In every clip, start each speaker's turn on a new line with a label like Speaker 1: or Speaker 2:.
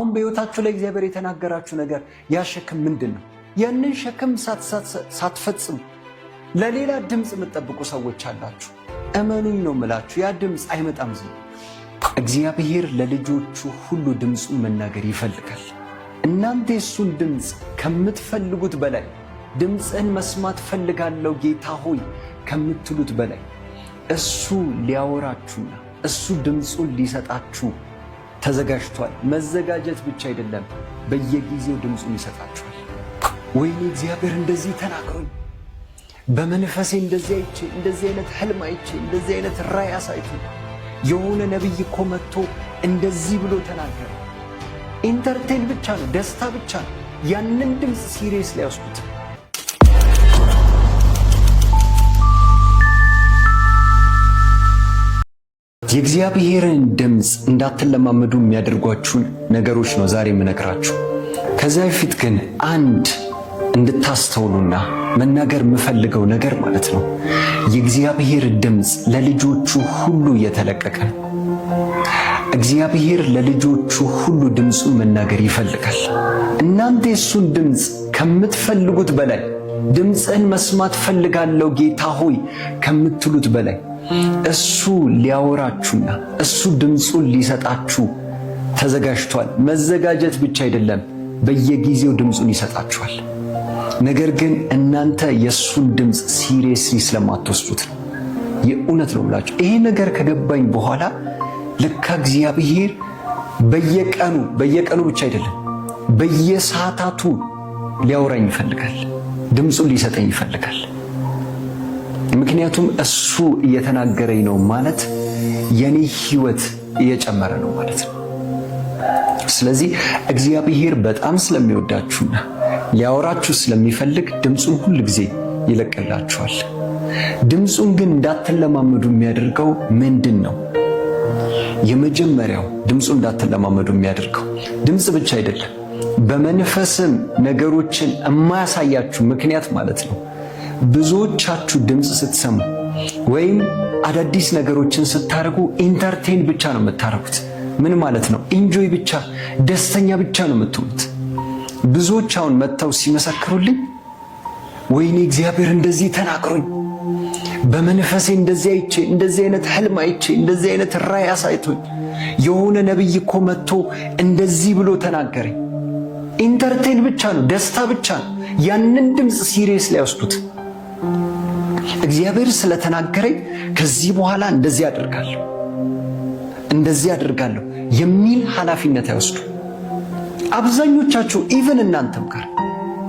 Speaker 1: አሁን በህይወታችሁ ላይ እግዚአብሔር የተናገራችሁ ነገር ያ ሸክም ምንድን ነው? ያንን ሸክም ሳትፈጽሙ ለሌላ ድምፅ የምትጠብቁ ሰዎች አላችሁ። እመኑኝ ነው የምላችሁ፣ ያ ድምፅ አይመጣም። ዝም እግዚአብሔር ለልጆቹ ሁሉ ድምፁን መናገር ይፈልጋል። እናንተ የእሱን ድምፅ ከምትፈልጉት በላይ ድምፅህን መስማት ፈልጋለሁ ጌታ ሆይ ከምትሉት በላይ እሱ ሊያወራችሁና እሱ ድምፁን ሊሰጣችሁ ተዘጋጅቷል። መዘጋጀት ብቻ አይደለም፣ በየጊዜው ድምፁን ይሰጣችኋል። ወይኔ እግዚአብሔር እንደዚህ ተናግሮኝ፣ በመንፈሴ እንደዚህ አይቼ፣ እንደዚህ አይነት ህልም አይቼ፣ እንደዚህ አይነት ራእይ አሳይቶ፣ የሆነ ነቢይ እኮ መጥቶ እንደዚህ ብሎ ተናገረ። ኢንተርቴን ብቻ ነው፣ ደስታ ብቻ ነው። ያንን ድምፅ ሲሪየስ ላይ የእግዚአብሔርን ድምፅ እንዳትለማመዱ የሚያደርጓችሁን ነገሮች ነው ዛሬ የምነግራችሁ። ከዚያ በፊት ግን አንድ እንድታስተውሉና መናገር የምፈልገው ነገር ማለት ነው የእግዚአብሔር ድምፅ ለልጆቹ ሁሉ እየተለቀቀ ነው። እግዚአብሔር ለልጆቹ ሁሉ ድምፁን መናገር ይፈልጋል። እናንተ የእሱን ድምፅ ከምትፈልጉት በላይ ድምፅህን መስማት ፈልጋለሁ ጌታ ሆይ ከምትሉት በላይ እሱ ሊያወራችሁና እሱ ድምፁን ሊሰጣችሁ ተዘጋጅቷል። መዘጋጀት ብቻ አይደለም፣ በየጊዜው ድምፁን ይሰጣችኋል። ነገር ግን እናንተ የእሱን ድምፅ ሲሪየስሊ ስለማትወስዱት ነው። የእውነት ነው ብላችሁ ይሄ ነገር ከገባኝ በኋላ ለካ እግዚአብሔር በየቀኑ በየቀኑ ብቻ አይደለም በየሰዓታቱ ሊያወራኝ ይፈልጋል። ድምፁን ሊሰጠኝ ይፈልጋል። ምክንያቱም እሱ እየተናገረኝ ነው ማለት የኔ ህይወት እየጨመረ ነው ማለት ነው። ስለዚህ እግዚአብሔር በጣም ስለሚወዳችሁና ሊያወራችሁ ስለሚፈልግ ድምፁን ሁል ጊዜ ይለቅላችኋል። ድምፁን ግን እንዳትለማመዱ የሚያደርገው ምንድን ነው? የመጀመሪያው ድምፁን እንዳትለማመዱ የሚያደርገው ድምፅ ብቻ አይደለም፣ በመንፈስም ነገሮችን የማያሳያችሁ ምክንያት ማለት ነው ብዙዎቻችሁ ድምፅ ስትሰሙ ወይም አዳዲስ ነገሮችን ስታደርጉ ኢንተርቴን ብቻ ነው የምታደርጉት። ምን ማለት ነው? ኢንጆይ ብቻ ደስተኛ ብቻ ነው የምትሆኑት። ብዙዎች አሁን መጥተው ሲመሰክሩልኝ ወይኔ እግዚአብሔር እንደዚህ ተናግሮኝ በመንፈሴ እንደዚህ አይቼ እንደዚህ አይነት ህልም አይቼ እንደዚህ አይነት ራይ አሳይቶኝ የሆነ ነብይ እኮ መጥቶ እንደዚህ ብሎ ተናገረኝ። ኢንተርቴን ብቻ ነው፣ ደስታ ብቻ ነው። ያንን ድምፅ ሲሪየስ ላይ ወስዱት። እግዚአብሔር ስለተናገረኝ ከዚህ በኋላ እንደዚህ አደርጋለሁ እንደዚህ አደርጋለሁ የሚል ኃላፊነት አይወስዱ። አብዛኞቻችሁ ኢቨን እናንተም ጋር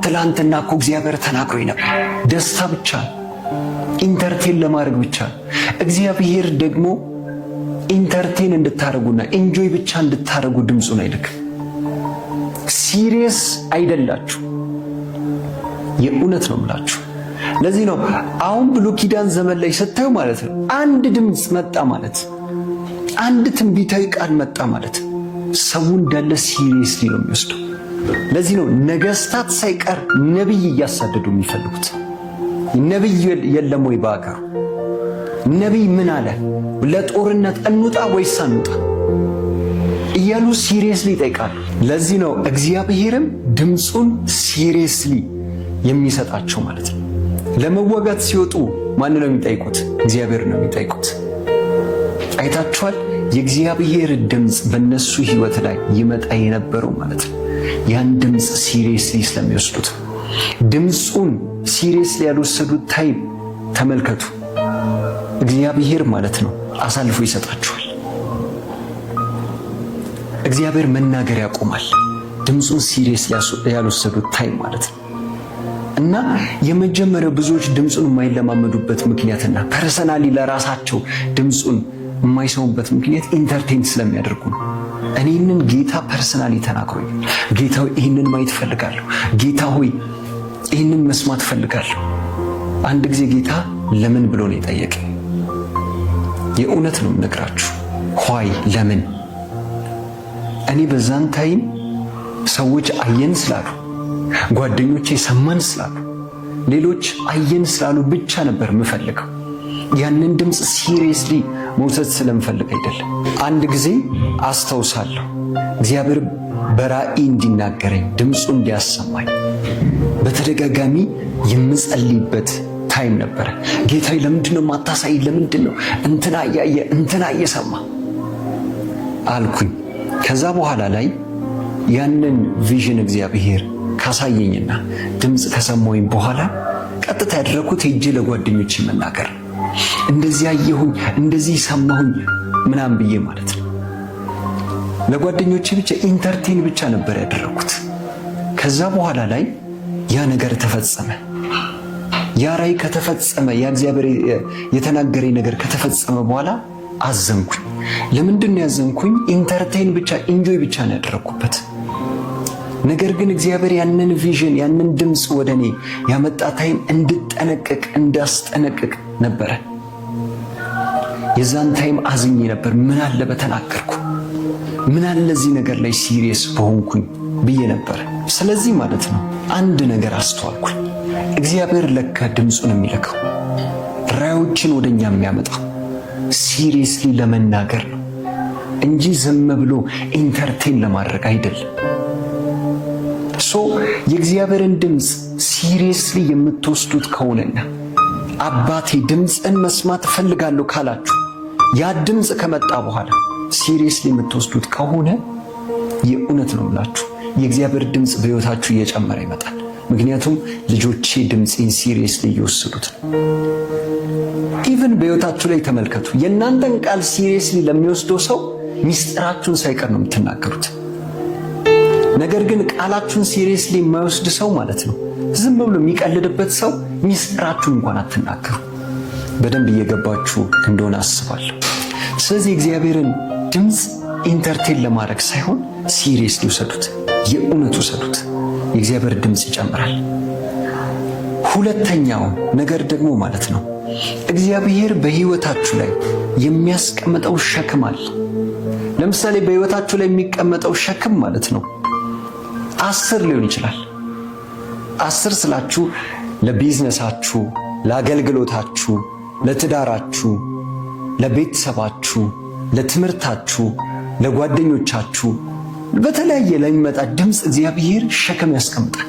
Speaker 1: ትላንትና እኮ እግዚአብሔር ተናግሮኝ ነበር። ደስታ ብቻ ኢንተርቴን ለማድረግ ብቻ። እግዚአብሔር ደግሞ ኢንተርቴን እንድታደርጉና ኢንጆይ ብቻ እንድታደርጉ ድምፁን አይልክም። ሲሪየስ አይደላችሁ። የእውነት ነው ምላችሁ። ለዚህ ነው አሁን ብሎ ኪዳን ዘመን ላይ ስታዩ ማለት ነው አንድ ድምፅ መጣ ማለት አንድ ትንቢታዊ ቃል መጣ ማለት ሰው እንዳለ ሲሪየስሊ ነው የሚወስደው። ለዚህ ነው ነገስታት ሳይቀር ነብይ እያሳደዱ የሚፈልጉት። ነብይ የለም ወይ በአገሩ? ነቢይ ምን አለ? ለጦርነት እንውጣ ወይስ አንውጣ እያሉ ሲሪየስሊ ይጠይቃሉ። ለዚህ ነው እግዚአብሔርም ድምፁን ሲሪየስሊ የሚሰጣቸው ማለት ነው። ለመዋጋት ሲወጡ ማን ነው የሚጠይቁት? እግዚአብሔር ነው የሚጠይቁት። አይታችኋል? የእግዚአብሔር ድምፅ በእነሱ ህይወት ላይ ይመጣ የነበረው ማለት ነው። ያን ድምፅ ሲሪየስሊ ስለሚወስዱት ድምፁን ሲሪየስሊ ያልወሰዱት ታይም ተመልከቱ። እግዚአብሔር ማለት ነው አሳልፎ ይሰጣችኋል። እግዚአብሔር መናገር ያቆማል። ድምፁን ሲሪየስ ያልወሰዱት ታይም ማለት ነው። እና የመጀመሪያው ብዙዎች ድምፁን የማይለማመዱበት ምክንያትና ፐርሰናሊ ለራሳቸው ድምፁን የማይሰሙበት ምክንያት ኢንተርቴን ስለሚያደርጉ ነው። እኔንን ጌታ ፐርሰናሊ ተናግሮኛል። ጌታ ሆይ ይህንን ማየት ፈልጋለሁ። ጌታ ሆይ ይህንን መስማት ፈልጋለሁ። አንድ ጊዜ ጌታ ለምን ብሎ ነው የጠየቀ። የእውነት ነው ነግራችሁ ኋይ ለምን እኔ በዛን ታይም ሰዎች አየን ስላሉ ጓደኞቼ ሰማን ስላሉ ሌሎች አየን ስላሉ ብቻ ነበር የምፈልገው። ያንን ድምፅ ሲሪየስሊ መውሰድ ስለምፈልግ አይደለም። አንድ ጊዜ አስታውሳለሁ እግዚአብሔር በራእይ እንዲናገረኝ ድምፁ እንዲያሰማኝ በተደጋጋሚ የምጸልይበት ታይም ነበረ። ጌታዬ ለምንድን ነው ማታሳይ? ለምንድን ነው እንትና እያየ እንትና እየሰማ አልኩኝ። ከዛ በኋላ ላይ ያንን ቪዥን እግዚአብሔር ካሳየኝና ድምፅ ከሰማኝ በኋላ ቀጥታ ያደረኩት ሄጄ ለጓደኞች መናገር እንደዚህ አየሁኝ፣ እንደዚህ ሰማሁኝ ምናምን ብዬ ማለት ነው። ለጓደኞቼ ብቻ ኢንተርቴን ብቻ ነበር ያደረኩት። ከዛ በኋላ ላይ ያ ነገር ተፈጸመ። ያ ራይ ከተፈጸመ ያ እግዚአብሔር የተናገረኝ ነገር ከተፈጸመ በኋላ አዘንኩኝ። ለምንድን ነው ያዘንኩኝ? ኢንተርቴን ብቻ ኢንጆይ ብቻ ነው ያደረኩበት። ነገር ግን እግዚአብሔር ያንን ቪዥን ያንን ድምፅ ወደ እኔ ያመጣ ታይም እንድጠነቅቅ እንዳስጠነቅቅ ነበረ። የዛን ታይም አዝኝ ነበር። ምን አለ በተናገርኩ፣ ምን አለ እዚህ ነገር ላይ ሲሪየስ በሆንኩኝ ብዬ ነበር። ስለዚህ ማለት ነው አንድ ነገር አስተዋልኩኝ። እግዚአብሔር ለካ ድምፁን የሚለካው ራዮችን ወደ እኛ የሚያመጣው ሲሪየስሊ ለመናገር ነው እንጂ ዝም ብሎ ኢንተርቴን ለማድረግ አይደለም። ሶ የእግዚአብሔርን ድምፅ ሲሪየስሊ የምትወስዱት ከሆነና አባቴ ድምፅን መስማት እፈልጋለሁ ካላችሁ ያ ድምፅ ከመጣ በኋላ ሲሪየስሊ የምትወስዱት ከሆነ የእውነት ነው ብላችሁ የእግዚአብሔር ድምፅ በሕይወታችሁ እየጨመረ ይመጣል። ምክንያቱም ልጆቼ ድምፄን ሲሪየስሊ እየወሰዱት ነው። ኢቨን በሕይወታችሁ ላይ ተመልከቱ። የእናንተን ቃል ሲሪየስሊ ለሚወስደው ሰው ሚስጥራችሁን ሳይቀር ነው የምትናገሩት። ነገር ግን ቃላችሁን ሲሪየስሊ የማይወስድ ሰው ማለት ነው ዝም ብሎ የሚቀልድበት ሰው ሚስጥራችሁ እንኳን አትናገሩ። በደንብ እየገባችሁ እንደሆነ አስባለሁ። ስለዚህ እግዚአብሔርን ድምፅ ኢንተርቴን ለማድረግ ሳይሆን ሲሪየስሊ ውሰዱት፣ የእውነት ውሰዱት። የእግዚአብሔር ድምፅ ይጨምራል። ሁለተኛው ነገር ደግሞ ማለት ነው እግዚአብሔር በህይወታችሁ ላይ የሚያስቀምጠው ሸክም አለ። ለምሳሌ በሕይወታችሁ ላይ የሚቀመጠው ሸክም ማለት ነው አስር ሊሆን ይችላል። አስር ስላችሁ ለቢዝነሳችሁ፣ ለአገልግሎታችሁ፣ ለትዳራችሁ፣ ለቤተሰባችሁ፣ ለትምህርታችሁ፣ ለጓደኞቻችሁ በተለያየ ለሚመጣ ድምፅ እግዚአብሔር ሸክም ያስቀምጣል።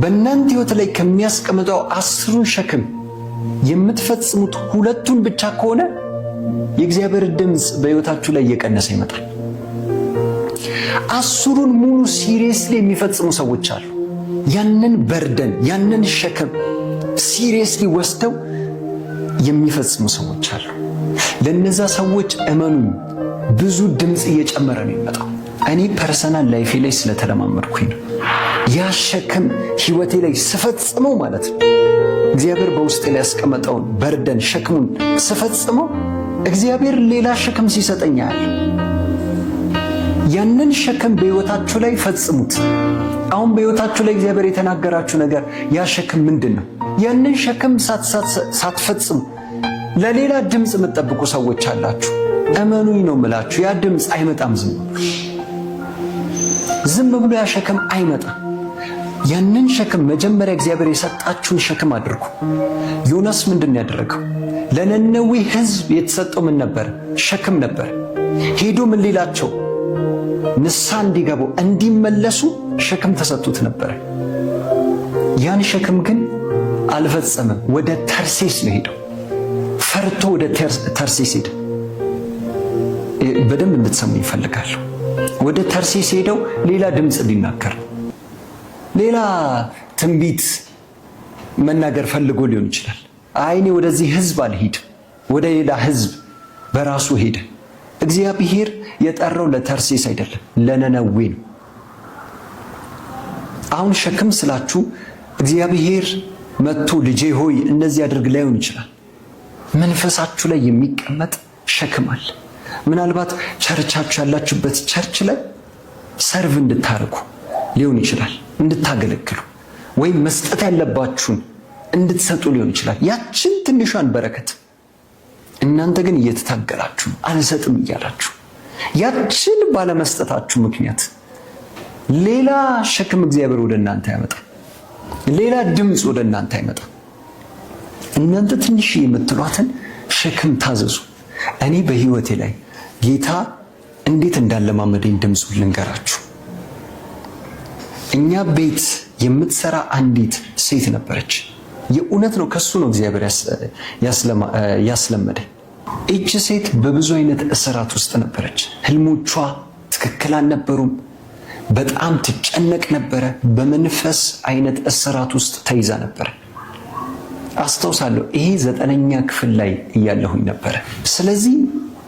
Speaker 1: በእናንተ ህይወት ላይ ከሚያስቀምጠው አስሩን ሸክም የምትፈጽሙት ሁለቱን ብቻ ከሆነ የእግዚአብሔር ድምፅ በህይወታችሁ ላይ እየቀነሰ ይመጣል። አስሩን ሙሉ ሲሪየስሊ የሚፈጽሙ ሰዎች አሉ። ያንን በርደን ያንን ሸክም ሲሪየስሊ ወስደው የሚፈጽሙ ሰዎች አሉ። ለነዛ ሰዎች እመኑ ብዙ ድምፅ እየጨመረ ነው የሚመጣው። እኔ ፐርሰናል ላይፌ ላይ ስለተለማመድኩኝ ነው ያ ሸክም ህይወቴ ላይ ስፈጽመው ማለት ነው እግዚአብሔር በውስጤ ላይ ያስቀመጠውን በርደን ሸክሙን ስፈጽመው እግዚአብሔር ሌላ ሸክም ሲሰጠኛል ያንን ሸክም በሕይወታችሁ ላይ ፈጽሙት። አሁን በሕይወታችሁ ላይ እግዚአብሔር የተናገራችሁ ነገር ያ ሸክም ምንድን ነው? ያንን ሸክም ሳትፈጽሙ ለሌላ ድምፅ የምጠብቁ ሰዎች አላችሁ። እመኑኝ ነው የምላችሁ፣ ያ ድምፅ አይመጣም። ዝም ብሎ ዝም ብሎ ያ ሸክም አይመጣም። ያንን ሸክም መጀመሪያ እግዚአብሔር የሰጣችሁን ሸክም አድርጉ። ዮናስ ምንድን ነው ያደረገው? ለነነዌ ሕዝብ የተሰጠው ምን ነበር? ሸክም ነበር። ሄዶ ምን ሌላቸው ንሳ እንዲገቡ እንዲመለሱ ሸክም ተሰጥቶት ነበረ። ያን ሸክም ግን አልፈጸምም። ወደ ተርሴስ ነው ሄደው፣ ፈርቶ ወደ ተርሴስ ሄደ። በደንብ እንድትሰሙ ይፈልጋለሁ። ወደ ተርሴስ ሄደው ሌላ ድምፅ ሊናገር ሌላ ትንቢት መናገር ፈልጎ ሊሆን ይችላል። አይኔ ወደዚህ ህዝብ አልሄድም፣ ወደ ሌላ ህዝብ በራሱ ሄደ። እግዚአብሔር የጠራው ለተርሴስ አይደለም፣ ለነነዌ ነው። አሁን ሸክም ስላችሁ እግዚአብሔር መጥቶ ልጄ ሆይ እነዚህ አድርግ ላይሆን ይችላል። መንፈሳችሁ ላይ የሚቀመጥ ሸክም አለ። ምናልባት ቸርቻችሁ ያላችሁበት ቸርች ላይ ሰርቭ እንድታርጉ ሊሆን ይችላል፣ እንድታገለግሉ ወይም መስጠት ያለባችሁን እንድትሰጡ ሊሆን ይችላል። ያችን ትንሿን በረከት እናንተ ግን እየተታገላችሁ አልሰጥም እያላችሁ ያችን ባለመስጠታችሁ ምክንያት ሌላ ሸክም እግዚአብሔር ወደ እናንተ አይመጣም ሌላ ድምፅ ወደ እናንተ አይመጣም። እናንተ ትንሽ የምትሏትን ሸክም ታዘዙ። እኔ በህይወቴ ላይ ጌታ እንዴት እንዳለማመደኝ ድምፁ ልንገራችሁ። እኛ ቤት የምትሰራ አንዲት ሴት ነበረች። የእውነት ነው። ከሱ ነው እግዚአብሔር ያስለመደ ይቺ ሴት በብዙ አይነት እስራት ውስጥ ነበረች። ህልሞቿ ትክክል አልነበሩም። በጣም ትጨነቅ ነበረ። በመንፈስ አይነት እስራት ውስጥ ተይዛ ነበረ። አስታውሳለሁ፣ ይሄ ዘጠነኛ ክፍል ላይ እያለሁኝ ነበረ። ስለዚህ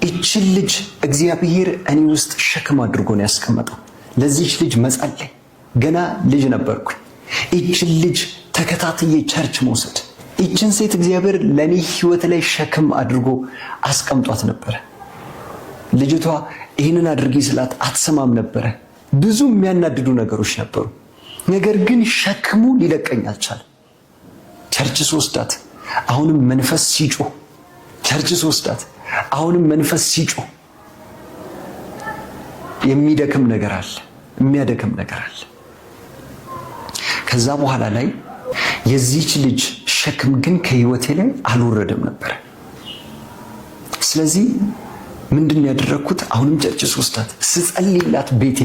Speaker 1: ይችን ልጅ እግዚአብሔር እኔ ውስጥ ሸክም አድርጎ ነው ያስቀመጠው። ለዚች ልጅ መጸለይ፣ ገና ልጅ ነበርኩኝ። ይችን ልጅ ተከታትዬ ቸርች መውሰድ ይችን ሴት እግዚአብሔር ለእኔ ህይወት ላይ ሸክም አድርጎ አስቀምጧት ነበረ። ልጅቷ ይህንን አድርጊ ስላት አትሰማም ነበረ። ብዙ የሚያናድዱ ነገሮች ነበሩ። ነገር ግን ሸክሙ ሊለቀኝ አልቻለ። ቸርች ስወስዳት አሁንም መንፈስ ሲጮ ቸርች ስወስዳት አሁንም መንፈስ ሲጮ የሚደክም ነገር አለ፣ የሚያደክም ነገር አለ። ከዛ በኋላ ላይ የዚች ልጅ ሸክም ግን ከህይወቴ ላይ አልወረደም ነበር። ስለዚህ ምንድን ያደረግኩት አሁንም ጨርጭ ሶስታት ስጸልይላት ቤቴ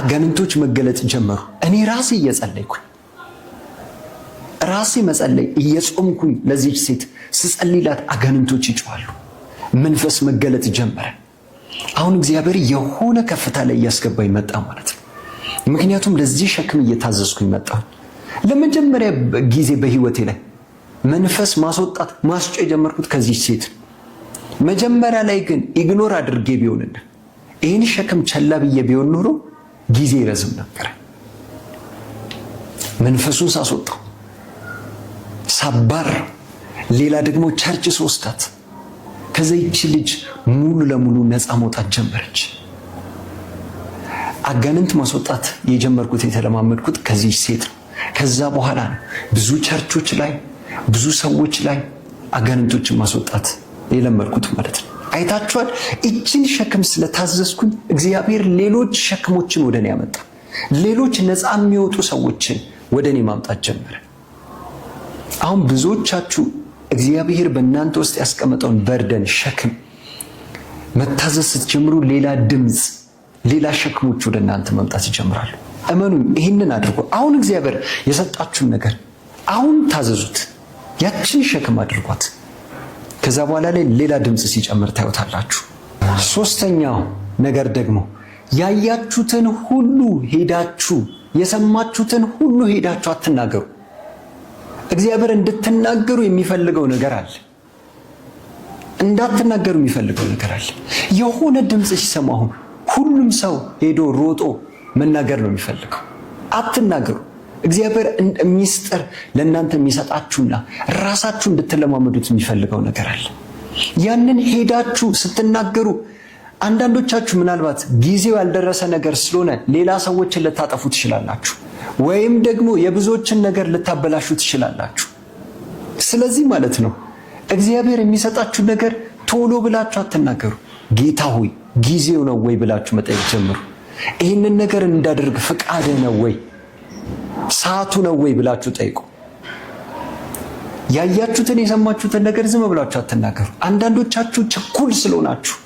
Speaker 1: አጋንንቶች መገለጥ ጀመሩ። እኔ ራሴ እየጸለይኩኝ ራሴ መጸለይ እየጾምኩኝ ለዚች ሴት ስጸልይላት አጋንንቶች ይጮዋሉ። መንፈስ መገለጥ ጀመረ። አሁን እግዚአብሔር የሆነ ከፍታ ላይ እያስገባኝ መጣ ማለት ነው። ምክንያቱም ለዚህ ሸክም እየታዘዝኩኝ መጣሁ። ለመጀመሪያ ጊዜ በህይወቴ ላይ መንፈስ ማስወጣት ማስጮ የጀመርኩት ከዚህ ሴት። መጀመሪያ ላይ ግን ኢግኖር አድርጌ ቢሆንና ይህን ሸክም ቸላ ብዬ ቢሆን ኖሮ ጊዜ ይረዝም ነበረ። መንፈሱን ሳስወጣው ሳባር፣ ሌላ ደግሞ ቸርች ስወስዳት ከዚያች ልጅ ሙሉ ለሙሉ ነፃ መውጣት ጀመረች። አጋንንት ማስወጣት የጀመርኩት የተለማመድኩት ከዚህ ሴት ነው። ከዛ በኋላ ብዙ ቸርቾች ላይ ብዙ ሰዎች ላይ አጋንንቶችን ማስወጣት የለመድኩት ማለት ነው። አይታችኋል። እችን ሸክም ስለታዘዝኩኝ እግዚአብሔር ሌሎች ሸክሞችን ወደ እኔ ያመጣ፣ ሌሎች ነፃ የሚወጡ ሰዎችን ወደ እኔ ማምጣት ጀመረ። አሁን ብዙዎቻችሁ እግዚአብሔር በእናንተ ውስጥ ያስቀመጠውን በርደን ሸክም መታዘዝ ስትጀምሩ ሌላ ድምፅ ሌላ ሸክሞች ወደ እናንተ መምጣት ይጀምራሉ። እመኑ፣ ይህንን አድርጎ አሁን እግዚአብሔር የሰጣችሁን ነገር አሁን ታዘዙት። ያችን ሸክም አድርጓት። ከዛ በኋላ ላይ ሌላ ድምፅ ሲጨምር ታዩታላችሁ። ሶስተኛው ነገር ደግሞ ያያችሁትን ሁሉ ሄዳችሁ የሰማችሁትን ሁሉ ሄዳችሁ አትናገሩ። እግዚአብሔር እንድትናገሩ የሚፈልገው ነገር አለ፣ እንዳትናገሩ የሚፈልገው ነገር አለ። የሆነ ድምፅ ሲሰማ አሁን ሁሉም ሰው ሄዶ ሮጦ መናገር ነው የሚፈልገው። አትናገሩ። እግዚአብሔር ሚስጥር ለእናንተ የሚሰጣችሁና ራሳችሁ እንድትለማመዱት የሚፈልገው ነገር አለ። ያንን ሄዳችሁ ስትናገሩ አንዳንዶቻችሁ ምናልባት ጊዜው ያልደረሰ ነገር ስለሆነ ሌላ ሰዎችን ልታጠፉ ትችላላችሁ፣ ወይም ደግሞ የብዙዎችን ነገር ልታበላሹ ትችላላችሁ። ስለዚህ ማለት ነው እግዚአብሔር የሚሰጣችሁ ነገር ቶሎ ብላችሁ አትናገሩ። ጌታ ሆይ ጊዜው ነው ወይ ብላችሁ መጠየቅ ጀምሩ። ይህንን ነገር እንዳደርግ ፍቃደ ነው ወይ ሰዓቱ ነው ወይ ብላችሁ ጠይቁ። ያያችሁትን የሰማችሁትን ነገር ዝም ብላችሁ አትናገሩ። አንዳንዶቻችሁ ችኩል ስለሆናችሁ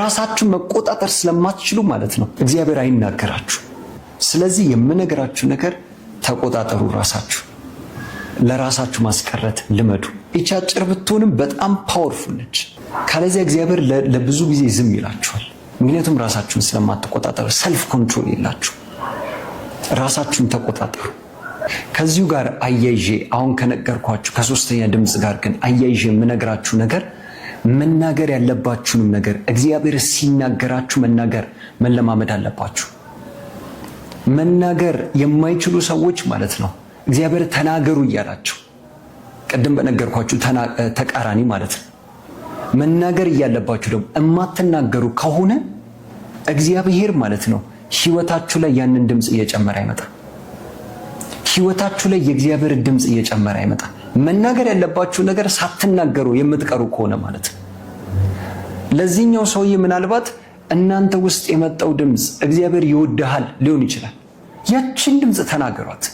Speaker 1: ራሳችሁን መቆጣጠር ስለማትችሉ ማለት ነው እግዚአብሔር አይናገራችሁ። ስለዚህ የምነግራችሁ ነገር ተቆጣጠሩ። ራሳችሁ ለራሳችሁ ማስቀረት ልመዱ። ይቺ አጭር ብትሆንም በጣም ፓወርፉል ነች። ካለዚያ እግዚአብሔር ለብዙ ጊዜ ዝም ይላችኋል። ምክንያቱም ራሳችሁን ስለማትቆጣጠሩ ሰልፍ ኮንትሮል የላችሁ። ራሳችሁን ተቆጣጠሩ። ከዚሁ ጋር አያይዤ አሁን ከነገርኳችሁ ከሶስተኛ ድምፅ ጋር ግን አያይዤ የምነግራችሁ ነገር መናገር ያለባችሁንም ነገር እግዚአብሔር ሲናገራችሁ መናገር መለማመድ አለባችሁ። መናገር የማይችሉ ሰዎች ማለት ነው እግዚአብሔር ተናገሩ እያላቸው ቅድም በነገርኳችሁ ተቃራኒ ማለት ነው መናገር እያለባችሁ ደግሞ እማትናገሩ ከሆነ እግዚአብሔር ማለት ነው ህይወታችሁ ላይ ያንን ድምፅ እየጨመረ አይመጣ። ህይወታችሁ ላይ የእግዚአብሔር ድምፅ እየጨመረ አይመጣ። መናገር ያለባችሁ ነገር ሳትናገሩ የምትቀሩ ከሆነ ማለት ነው። ለዚህኛው ሰውዬ ምናልባት እናንተ ውስጥ የመጣው ድምፅ እግዚአብሔር ይወድሃል ሊሆን ይችላል። ያችን ድምፅ ተናገሯት።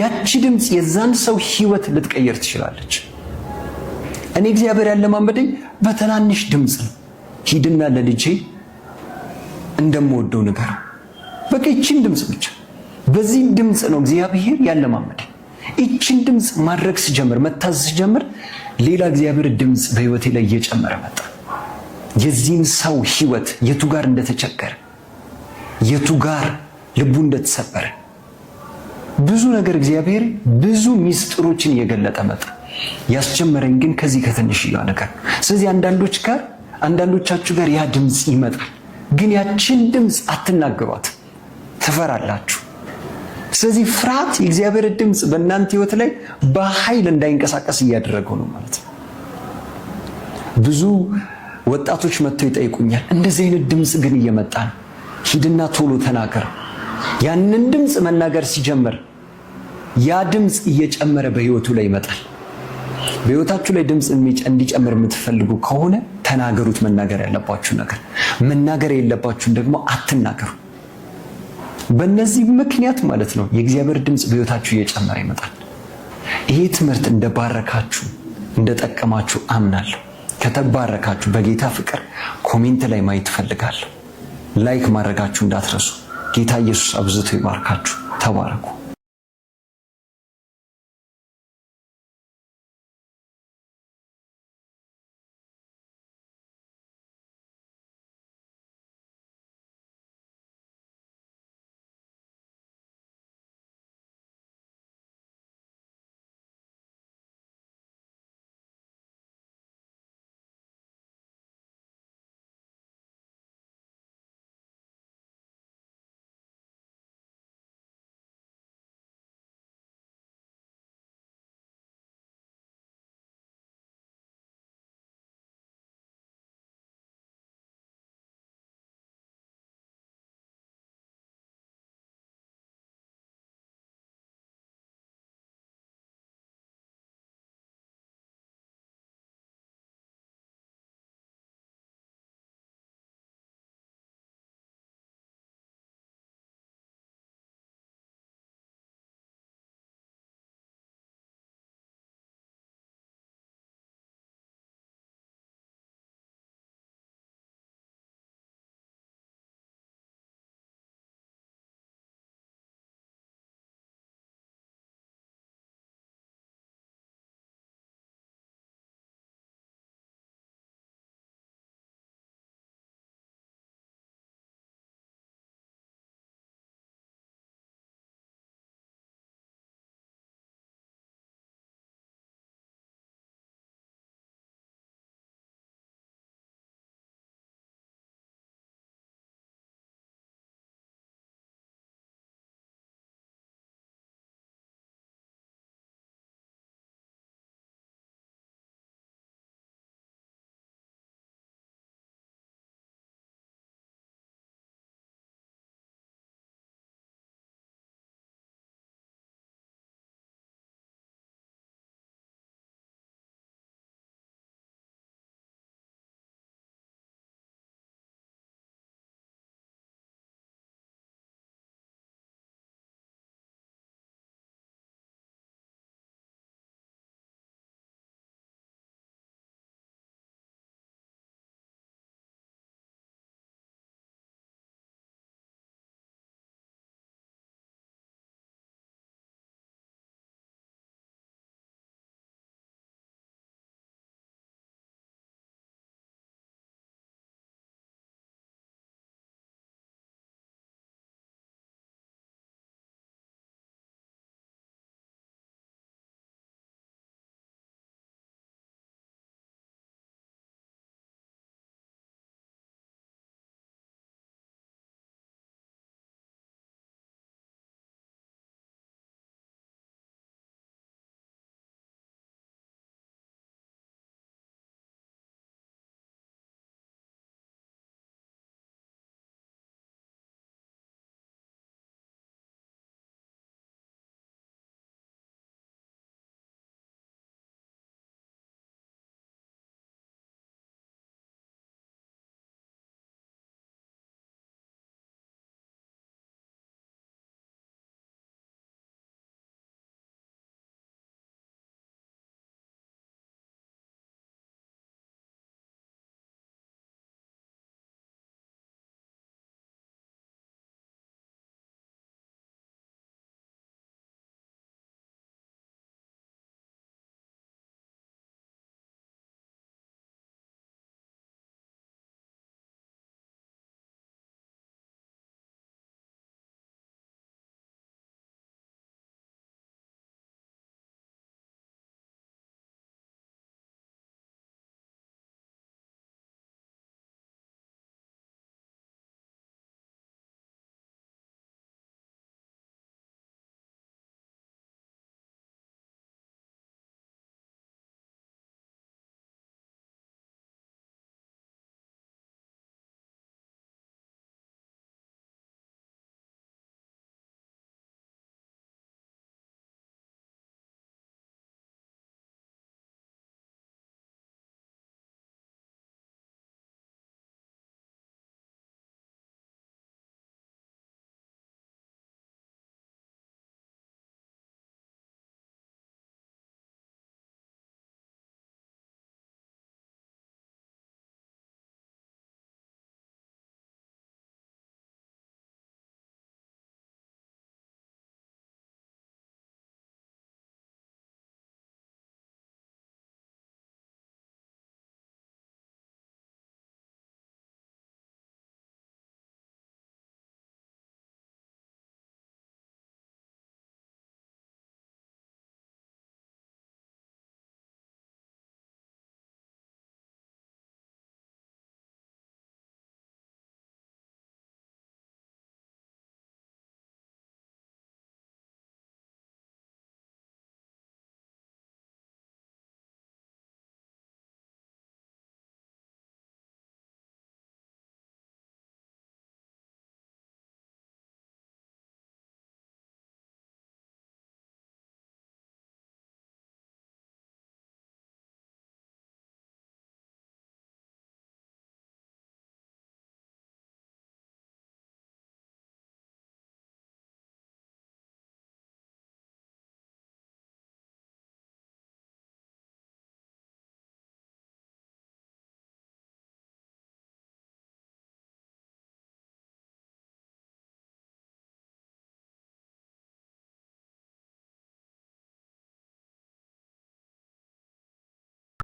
Speaker 1: ያቺ ድምፅ የዛን ሰው ህይወት ልትቀየር ትችላለች። እኔ እግዚአብሔር ያለማመደኝ በትናንሽ ድምፅ ነው። ሂድና ለልጄ እንደምወደው ነገር በቃ ይችን ድምፅ ብቻ፣ በዚህ ድምፅ ነው እግዚአብሔር ያለማመደኝ። ይችን ድምፅ ማድረግ ስጀምር፣ መታዘዝ ስጀምር፣ ሌላ እግዚአብሔር ድምፅ በህይወቴ ላይ እየጨመረ መጣ። የዚህን ሰው ህይወት የቱ ጋር እንደተቸገረ፣ የቱ ጋር ልቡ እንደተሰበረ ብዙ ነገር እግዚአብሔር ብዙ ሚስጥሮችን እየገለጠ መጣ። ያስጀመረኝ ግን ከዚህ ከትንሽዬዋ ነገር። ስለዚህ አንዳንዶች ጋር አንዳንዶቻችሁ ጋር ያ ድምፅ ይመጣል፣ ግን ያችን ድምፅ አትናገሯት፣ ትፈራላችሁ። ስለዚህ ፍርሃት የእግዚአብሔር ድምፅ በእናንተ ህይወት ላይ በኃይል እንዳይንቀሳቀስ እያደረገው ነው ማለት ነው። ብዙ ወጣቶች መጥተው ይጠይቁኛል፣ እንደዚህ አይነት ድምፅ ግን እየመጣ ነው፣ ሂድና ቶሎ ተናገር። ያንን ድምፅ መናገር ሲጀምር ያ ድምፅ እየጨመረ በህይወቱ ላይ ይመጣል። በህይወታችሁ ላይ ድምፅ እንዲጨምር የምትፈልጉ ከሆነ ተናገሩት። መናገር ያለባችሁ ነገር፣ መናገር የሌለባችሁን ደግሞ አትናገሩ። በእነዚህ ምክንያት ማለት ነው የእግዚአብሔር ድምፅ በህይወታችሁ እየጨመረ ይመጣል። ይሄ ትምህርት እንደባረካችሁ እንደጠቀማችሁ አምናለሁ። ከተባረካችሁ በጌታ ፍቅር ኮሜንት ላይ ማየት ትፈልጋለሁ ላይክ ማድረጋችሁ እንዳትረሱ። ጌታ ኢየሱስ አብዝቶ ይባርካችሁ። ተባረኩ።